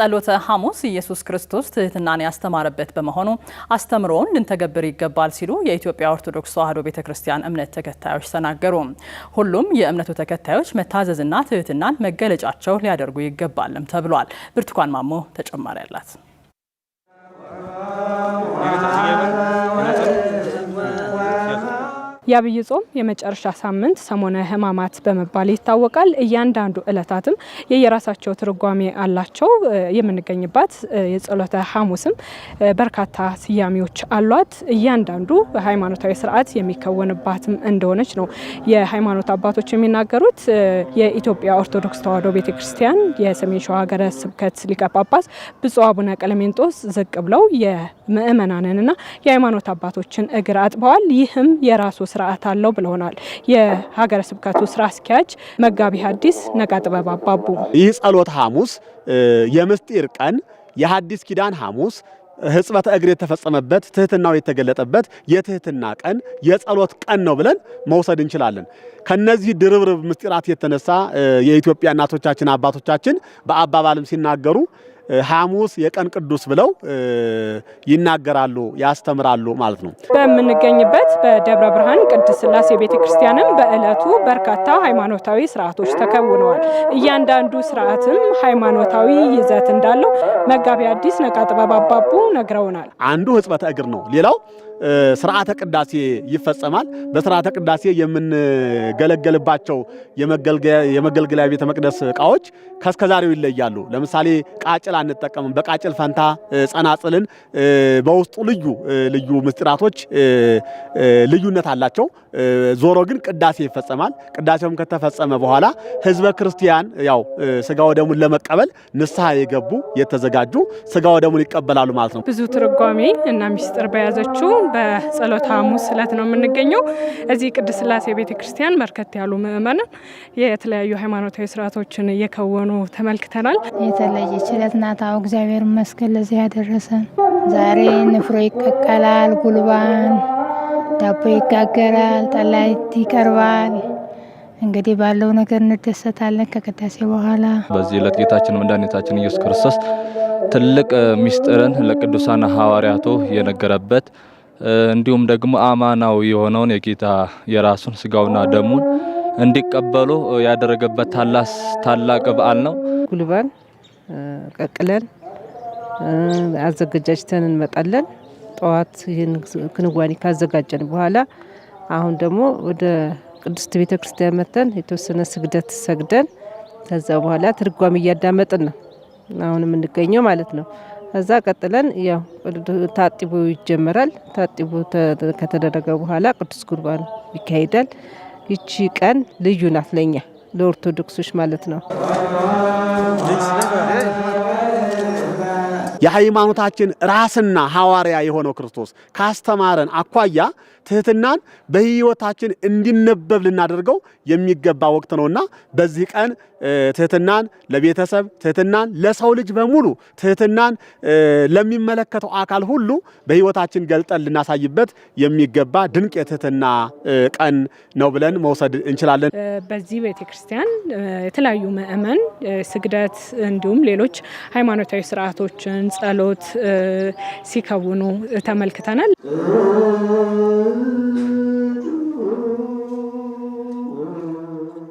ጸሎተ ሐሙስ ኢየሱስ ክርስቶስ ትህትናን ያስተማረበት በመሆኑ አስተምሮውን ልንተገብር ይገባል ሲሉ የኢትዮጵያ ኦርቶዶክስ ተዋሕዶ ቤተ ክርስቲያን እምነት ተከታዮች ተናገሩ። ሁሉም የእምነቱ ተከታዮች መታዘዝና ትህትናን መገለጫቸው ሊያደርጉ ይገባልም ተብሏል። ብርቱካን ማሞ ተጨማሪ አላት። የአብይ ጾም የመጨረሻ ሳምንት ሰሞነ ህማማት በመባል ይታወቃል። እያንዳንዱ ዕለታትም የየራሳቸው ትርጓሜ አላቸው። የምንገኝባት የጸሎተ ሐሙስም በርካታ ስያሜዎች አሏት። እያንዳንዱ ሃይማኖታዊ ስርዓት የሚከወንባትም እንደሆነች ነው የሃይማኖት አባቶች የሚናገሩት። የኢትዮጵያ ኦርቶዶክስ ተዋሕዶ ቤተ ክርስቲያን የሰሜን ሸዋ ሀገረ ስብከት ሊቀ ጳጳስ ብፁዕ አቡነ ቀለሜንጦስ ዝቅ ብለው የምእመናንንና የሃይማኖት አባቶችን እግር አጥበዋል። ይህም የራሱ ስርዓት አለው ብለውናል የሀገረ ስብከቱ ስራ አስኪያጅ መጋቢ ሐዲስ ነጋ ጥበብ አባቡ። ይህ ጸሎት ሐሙስ የምስጢር ቀን የሐዲስ ኪዳን ሐሙስ ህጽበተ እግር የተፈጸመበት ትህትናው የተገለጠበት የትህትና ቀን የጸሎት ቀን ነው ብለን መውሰድ እንችላለን። ከነዚህ ድርብርብ ምስጢራት የተነሳ የኢትዮጵያ እናቶቻችን አባቶቻችን በአባባልም ሲናገሩ ሐሙስ የቀን ቅዱስ ብለው ይናገራሉ፣ ያስተምራሉ ማለት ነው። በምንገኝበት በደብረ ብርሃን ቅድስት ስላሴ ቤተ ክርስቲያንም በዕለቱ በርካታ ሃይማኖታዊ ስርዓቶች ተከውነዋል። እያንዳንዱ ስርዓትም ሃይማኖታዊ ይዘት እንዳለው መጋቢ አዲስ ነቃ ጥበብ አባቡ ነግረውናል። አንዱ ሕጽበተ እግር ነው። ሌላው ስርዓተ ቅዳሴ ይፈጸማል። በስርዓተ ቅዳሴ የምንገለገልባቸው የመገልገያ ቤተ መቅደስ እቃዎች ከስከዛሬው ይለያሉ። ለምሳሌ ቃጭል አንጠቀምም። በቃጭል ፈንታ ጸናጽልን በውስጡ ልዩ ልዩ ምስጢራቶች ልዩነት አላቸው። ዞሮ ግን ቅዳሴ ይፈጸማል። ቅዳሴውም ከተፈጸመ በኋላ ህዝበ ክርስቲያን ያው ስጋ ወደሙን ለመቀበል ንስሐ የገቡ የተዘጋጁ ስጋ ወደሙን ይቀበላሉ ማለት ነው። ብዙ ትርጓሜ እና ሚስጥር በያዘችው በጸሎተ ሐሙስ እለት ነው የምንገኘው። እዚህ ቅድስት ስላሴ ቤተ ክርስቲያን በርከት ያሉ ምእመናን የተለያዩ ሃይማኖታዊ ስርዓቶችን እየከወኑ ተመልክተናል። የተለየች እለት ናት። አዎ እግዚአብሔር ይመስገን ለዚህ ያደረሰን። ዛሬ ንፍሮ ይቀቀላል፣ ጉልባን ዳቦ ይጋገራል፣ ጠላይት ይቀርባል። እንግዲህ ባለው ነገር እንደሰታለን። ከቅዳሴ በኋላ በዚህ ዕለት ጌታችን መድኃኒታችን ኢየሱስ ክርስቶስ ትልቅ ምስጢርን ለቅዱሳን ሐዋርያቱ የነገረበት እንዲሁም ደግሞ አማናዊ የሆነውን የጌታ የራሱን ስጋውና ደሙን እንዲቀበሉ ያደረገበት ታላስ ታላቅ በዓል ነው። ጉልባን ቀቅለን አዘገጃጅተን እንመጣለን። ጠዋት ይህን ክንዋኔ ካዘጋጀን በኋላ አሁን ደግሞ ወደ ቅድስት ቤተ ክርስቲያን መተን የተወሰነ ስግደት ሰግደን ከዛ በኋላ ትርጓም እያዳመጥን ነው አሁን የምንገኘው ማለት ነው። እዛ ቀጥለን ያው ታጢቦ ይጀመራል። ታጢቦ ከተደረገ በኋላ ቅዱስ ቁርባን ይካሄዳል። ይቺ ቀን ልዩ ናት ለኛ ለኦርቶዶክሶች ማለት ነው። የሃይማኖታችን ራስና ሐዋርያ የሆነው ክርስቶስ ካስተማረን አኳያ ትህትናን በሕይወታችን እንዲነበብ ልናደርገው የሚገባ ወቅት ነውና በዚህ ቀን ትህትናን ለቤተሰብ፣ ትህትናን ለሰው ልጅ በሙሉ፣ ትህትናን ለሚመለከተው አካል ሁሉ በሕይወታችን ገልጠን ልናሳይበት የሚገባ ድንቅ የትህትና ቀን ነው ብለን መውሰድ እንችላለን። በዚህ ቤተ ክርስቲያን የተለያዩ ምእመን ስግደት እንዲሁም ሌሎች ሃይማኖታዊ ስርዓቶችን ጸሎት ሲከውኑ ተመልክተናል።